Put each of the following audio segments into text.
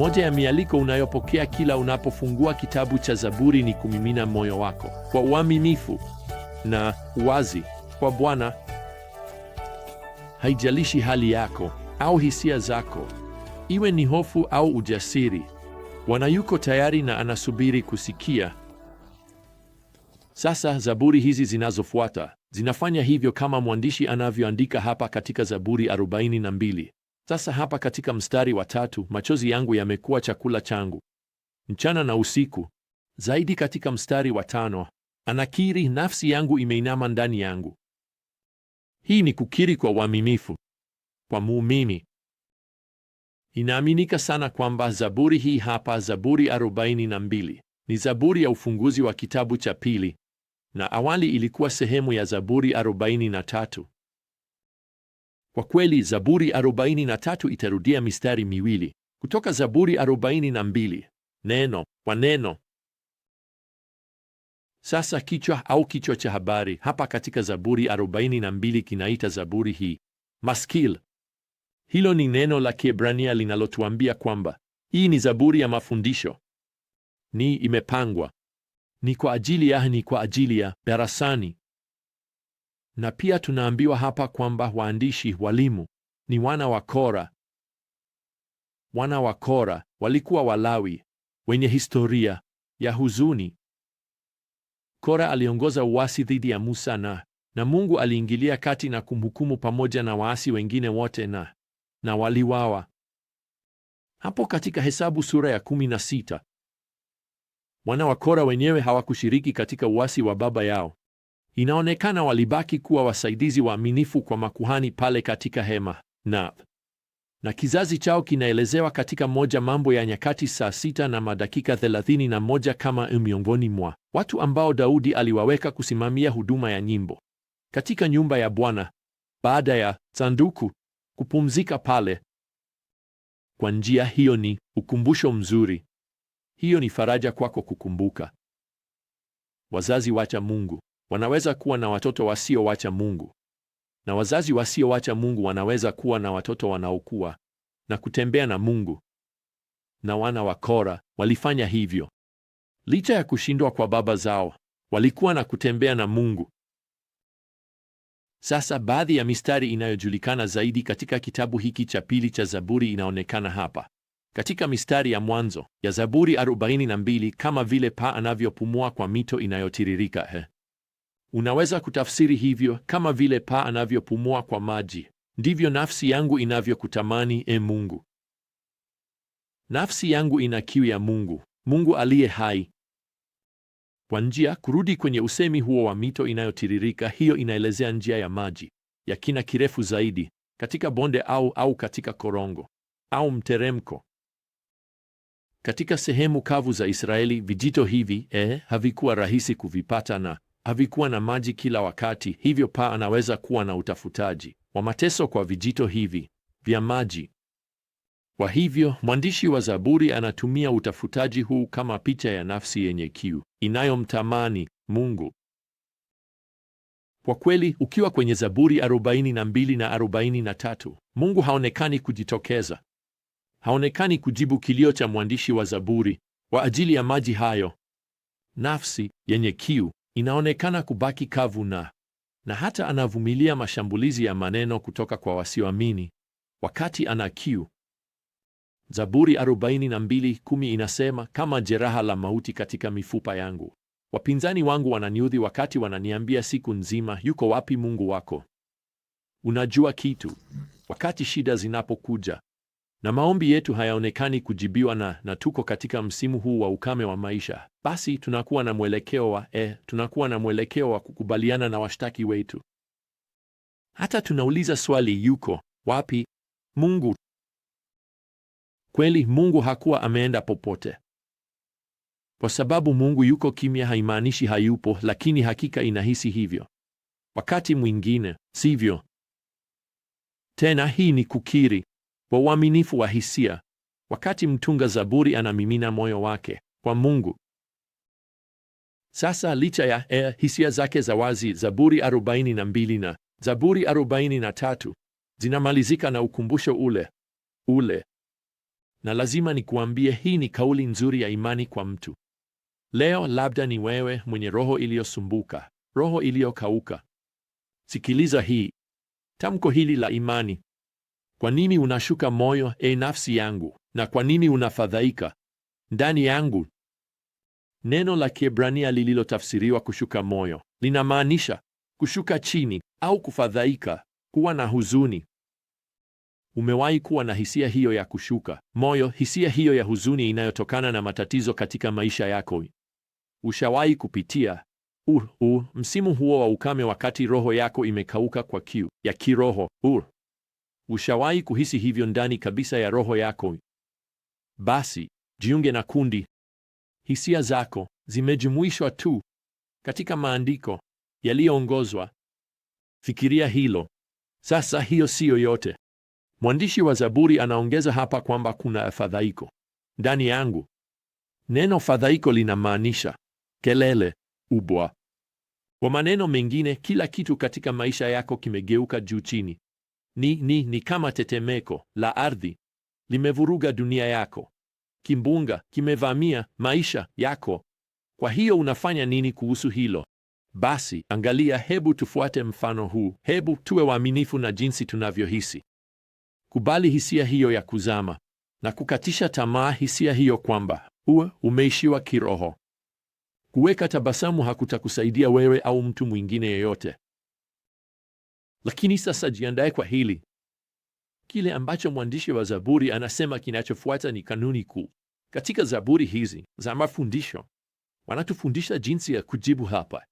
Moja ya mialiko unayopokea kila unapofungua kitabu cha Zaburi ni kumimina moyo wako kwa uaminifu na uwazi kwa Bwana. Haijalishi hali yako au hisia zako, iwe ni hofu au ujasiri, Bwana yuko tayari na anasubiri kusikia. Sasa zaburi hizi zinazofuata zinafanya hivyo, kama mwandishi anavyoandika hapa katika Zaburi 42. Sasa hapa katika mstari wa tatu, machozi yangu yamekuwa chakula changu mchana na usiku. Zaidi katika mstari wa tano, anakiri nafsi yangu imeinama ndani yangu. Hii ni kukiri kwa uaminifu kwa muumini. Inaaminika sana kwamba zaburi hii hapa, Zaburi 42, ni zaburi ya ufunguzi wa kitabu cha pili, na awali ilikuwa sehemu ya Zaburi 43. Kwa kweli Zaburi 43 itarudia mistari miwili kutoka Zaburi 42 neno kwa neno. Sasa kichwa au kichwa cha habari hapa katika Zaburi 42 kinaita zaburi hii maskil. Hilo ni neno la Kiebrania linalotuambia kwamba hii ni zaburi ya mafundisho, ni imepangwa, ni kwa ajili ya, ni kwa ajili ya darasani. Na pia tunaambiwa hapa kwamba waandishi, walimu, ni wana wa Kora. Wana wa Kora walikuwa Walawi wenye historia ya huzuni. Kora aliongoza uasi dhidi ya Musa na na Mungu aliingilia kati na kumhukumu pamoja na waasi wengine wote na na waliwawa. Hapo katika Hesabu sura ya kumi na sita wana wa Kora wenyewe hawakushiriki katika uasi wa baba yao, Inaonekana walibaki kuwa wasaidizi waaminifu kwa makuhani pale katika hema na na kizazi chao kinaelezewa katika moja Mambo ya Nyakati saa sita na madakika thelathini na moja kama miongoni mwa watu ambao Daudi aliwaweka kusimamia huduma ya nyimbo katika nyumba ya Bwana baada ya sanduku kupumzika pale. Kwa njia hiyo ni ukumbusho mzuri, hiyo ni faraja kwako kukumbuka wazazi wacha Mungu wanaweza kuwa na watoto wasiowacha Mungu, na wazazi wasiowacha Mungu wanaweza kuwa na watoto wanaokuwa na kutembea na Mungu. Na wana wa Kora walifanya hivyo. Licha ya kushindwa kwa baba zao, walikuwa na kutembea na Mungu. Sasa baadhi ya mistari inayojulikana zaidi katika kitabu hiki cha pili cha Zaburi inaonekana hapa katika mistari ya mwanzo ya Zaburi 42, kama vile paa anavyopumua kwa mito inayotiririka. He, eh, Unaweza kutafsiri hivyo kama vile paa anavyopumua kwa maji, ndivyo nafsi yangu inavyokutamani, e Mungu. Nafsi yangu ina kiu ya Mungu, Mungu aliye hai. Kwa njia, kurudi kwenye usemi huo wa mito inayotiririka, hiyo inaelezea njia ya maji ya kina kirefu zaidi katika bonde au au katika korongo au mteremko. Katika sehemu kavu za Israeli, vijito hivi eh, havikuwa rahisi kuvipata na havikuwa na maji kila wakati, hivyo paa anaweza kuwa na utafutaji wa mateso kwa vijito hivi vya maji. Kwa hivyo mwandishi wa Zaburi anatumia utafutaji huu kama picha ya nafsi yenye kiu inayomtamani Mungu. Kwa kweli, ukiwa kwenye Zaburi 42 na 43, Mungu haonekani kujitokeza, haonekani kujibu kilio cha mwandishi wa Zaburi kwa ajili ya maji hayo. Nafsi yenye kiu inaonekana kubaki kavu na na hata anavumilia mashambulizi ya maneno kutoka kwa wasioamini wakati ana kiu. Zaburi 42:10 inasema, kama jeraha la mauti katika mifupa yangu, wapinzani wangu wananiudhi wakati wananiambia siku nzima, yuko wapi Mungu wako? Unajua kitu, wakati shida zinapokuja na maombi yetu hayaonekani kujibiwa na na tuko katika msimu huu wa ukame wa maisha, basi tunakuwa na mwelekeo wa e tunakuwa na mwelekeo wa kukubaliana na washtaki wetu. Hata tunauliza swali, yuko wapi Mungu? Kweli Mungu hakuwa ameenda popote. Kwa sababu Mungu yuko kimya haimaanishi hayupo, lakini hakika inahisi hivyo wakati mwingine, sivyo? Tena hii ni kukiri kwa uaminifu wa hisia, wakati mtunga zaburi anamimina moyo wake kwa Mungu. Sasa licha ya eh, hisia zake za wazi, Zaburi 42 na Zaburi 43 zinamalizika na ukumbusho ule ule. Na lazima nikuambie, hii ni kauli nzuri ya imani kwa mtu leo. Labda ni wewe mwenye roho iliyosumbuka, roho iliyokauka. Sikiliza hii tamko hili la imani. Kwa nini unashuka moyo, e nafsi yangu, na kwa nini unafadhaika ndani yangu? Neno la Kiebrania lililotafsiriwa kushuka moyo linamaanisha kushuka chini au kufadhaika, kuwa na huzuni. Umewahi kuwa na hisia hiyo ya kushuka moyo, hisia hiyo ya huzuni inayotokana na matatizo katika maisha yako? Ushawahi kupitia uh, uh, msimu huo wa ukame wakati roho yako imekauka kwa kiu ya kiroho uh, Ushawahi kuhisi hivyo ndani kabisa ya roho yako? Basi jiunge na kundi. Hisia zako zimejumuishwa tu katika maandiko yaliyoongozwa. Fikiria hilo sasa. Hiyo siyo yote. Mwandishi wa Zaburi anaongeza hapa kwamba kuna fadhaiko ndani yangu. Neno fadhaiko linamaanisha kelele, ubwa. Kwa maneno mengine, kila kitu katika maisha yako kimegeuka juu chini ni, ni, ni kama tetemeko la ardhi limevuruga dunia yako. Kimbunga kimevamia maisha yako. Kwa hiyo unafanya nini kuhusu hilo? Basi angalia, hebu tufuate mfano huu. Hebu tuwe waaminifu na jinsi tunavyohisi. Kubali hisia hiyo ya kuzama na kukatisha tamaa hisia hiyo kwamba uwe umeishiwa kiroho. Kuweka tabasamu hakutakusaidia wewe au mtu mwingine yeyote. Lakini sasa jiandae kwa hili. Kile ambacho mwandishi wa Zaburi anasema kinachofuata ni kanuni kuu. Katika zaburi hizi za mafundisho, wanatufundisha jinsi ya kujibu hapa.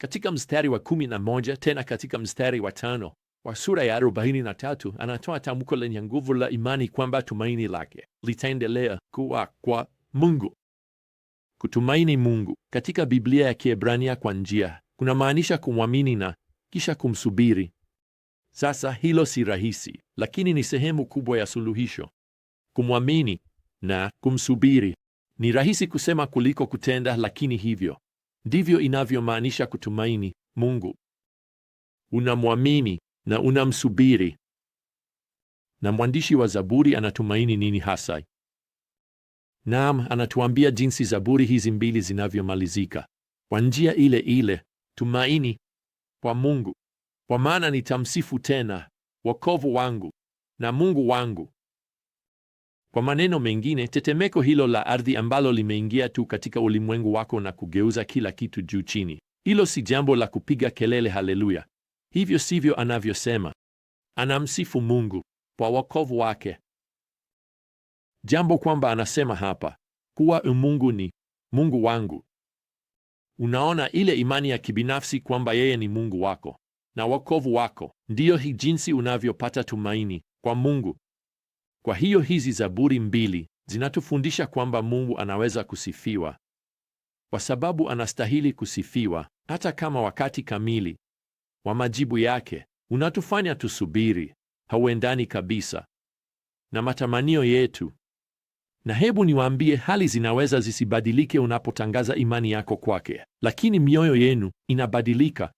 Katika mstari wa kumi na moja tena katika mstari wa tano wa sura ya arobaini na tatu anatoa tamko lenye nguvu la imani kwamba tumaini lake litaendelea kuwa kwa Mungu. Kutumaini Mungu katika Biblia ya Kiebrania kwa njia kunamaanisha kumwamini na kisha kumsubiri. Sasa hilo si rahisi, lakini ni sehemu kubwa ya suluhisho. Kumwamini na kumsubiri ni rahisi kusema kuliko kutenda, lakini hivyo ndivyo inavyomaanisha kutumaini Mungu. Unamwamini na unamsubiri. Na mwandishi wa Zaburi anatumaini nini hasa? Naam, anatuambia jinsi Zaburi hizi mbili zinavyomalizika kwa njia ile ile: tumaini kwa Mungu, kwa maana nitamsifu tena wokovu wangu na Mungu wangu. Kwa maneno mengine, tetemeko hilo la ardhi ambalo limeingia tu katika ulimwengu wako na kugeuza kila kitu juu chini, hilo si jambo la kupiga kelele haleluya. Hivyo sivyo anavyosema. Anamsifu Mungu kwa wokovu wake, jambo kwamba anasema hapa kuwa Mungu ni Mungu wangu Unaona ile imani ya kibinafsi kwamba yeye ni Mungu wako na wokovu wako, ndiyo hii jinsi unavyopata tumaini kwa Mungu. Kwa hiyo hizi Zaburi mbili zinatufundisha kwamba Mungu anaweza kusifiwa kwa sababu anastahili kusifiwa, hata kama wakati kamili wa majibu yake unatufanya tusubiri hauendani kabisa na matamanio yetu. Na hebu niwaambie, hali zinaweza zisibadilike unapotangaza imani yako kwake, lakini mioyo yenu inabadilika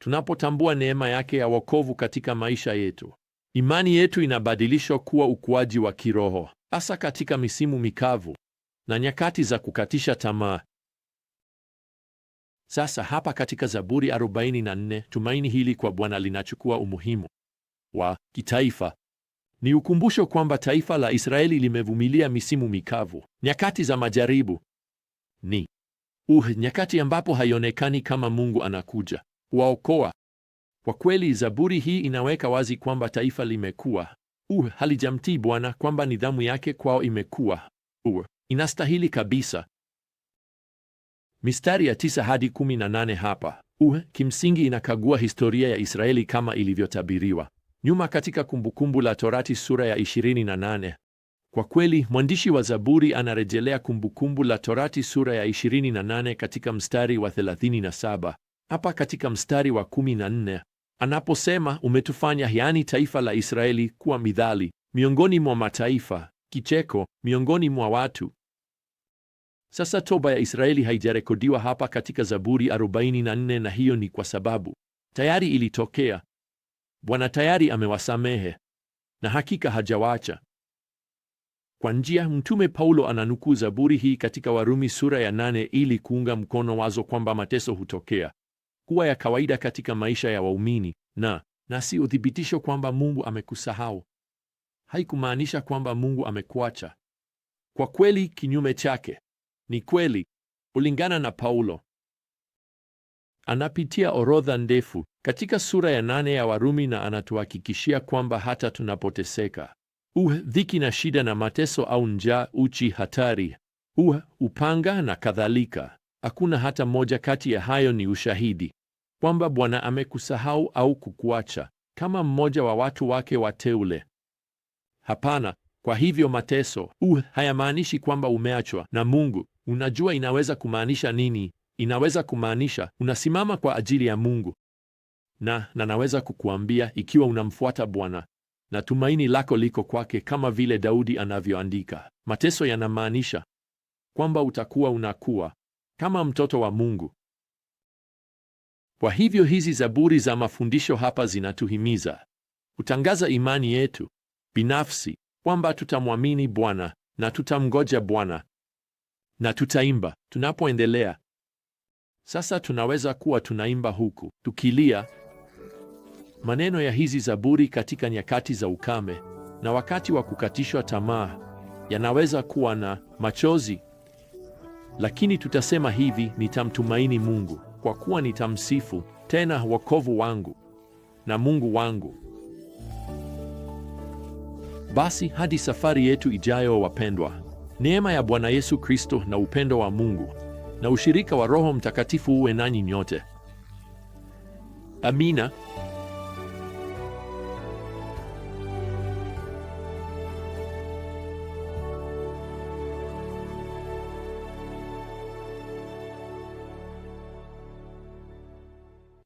tunapotambua neema yake ya wokovu katika maisha yetu. Imani yetu inabadilishwa kuwa ukuaji wa kiroho, hasa katika misimu mikavu na nyakati za kukatisha tamaa. Sasa hapa katika Zaburi 44 tumaini hili kwa Bwana linachukua umuhimu wa kitaifa. Ni ukumbusho kwamba taifa la Israeli limevumilia misimu mikavu, nyakati za majaribu. Ni uh, nyakati ambapo haionekani kama Mungu anakuja waokoa. Kwa kweli, Zaburi hii inaweka wazi kwamba taifa limekuwa uh, halijamtii Bwana, kwamba nidhamu yake kwao imekuwa uh, inastahili kabisa. Mistari ya tisa hadi kumi na nane hapa uh, kimsingi inakagua historia ya Israeli kama ilivyotabiriwa nyuma katika Kumbukumbu la Torati sura ya 28. Kwa kweli mwandishi wa Zaburi anarejelea Kumbukumbu la Torati sura ya 28 katika mstari wa 37, hapa katika mstari wa 14 anaposema umetufanya, yani taifa la Israeli, kuwa midhali miongoni mwa mataifa, kicheko miongoni mwa watu. Sasa toba ya Israeli haijarekodiwa hapa katika Zaburi 44, na hiyo ni kwa sababu tayari ilitokea Bwana tayari amewasamehe na hakika hajawacha. Kwa njia, mtume Paulo ananukuu zaburi hii katika Warumi sura ya nane ili kuunga mkono wazo kwamba mateso hutokea kuwa ya kawaida katika maisha ya waumini na na si uthibitisho kwamba Mungu amekusahau. Haikumaanisha kwamba Mungu amekuacha. Kwa kweli, kinyume chake. Ni kweli, kulingana na Paulo, Anapitia orodha ndefu katika sura ya nane ya Warumi na anatuhakikishia kwamba hata tunapoteseka uh, dhiki na shida na mateso au njaa, uchi, hatari, uh, upanga na kadhalika, hakuna hata moja kati ya hayo ni ushahidi kwamba Bwana amekusahau au kukuacha kama mmoja wa watu wake wateule. Hapana. Kwa hivyo mateso uh, hayamaanishi kwamba umeachwa na Mungu. Unajua inaweza kumaanisha nini? inaweza kumaanisha unasimama kwa ajili ya Mungu, na na naweza kukuambia ikiwa unamfuata Bwana na tumaini lako liko kwake, kama vile Daudi anavyoandika, mateso yanamaanisha kwamba utakuwa unakuwa kama mtoto wa Mungu. Kwa hivyo hizi zaburi za mafundisho hapa zinatuhimiza kutangaza imani yetu binafsi kwamba tutamwamini Bwana na tutamgoja Bwana na tutaimba tunapoendelea sasa tunaweza kuwa tunaimba huku tukilia maneno ya hizi zaburi katika nyakati za ukame na wakati wa kukatishwa tamaa, yanaweza kuwa na machozi, lakini tutasema hivi: nitamtumaini Mungu kwa kuwa nitamsifu tena, wokovu wangu na Mungu wangu. Basi hadi safari yetu ijayo, wapendwa, neema ya Bwana Yesu Kristo na upendo wa Mungu na ushirika wa Roho Mtakatifu uwe nanyi nyote. Amina.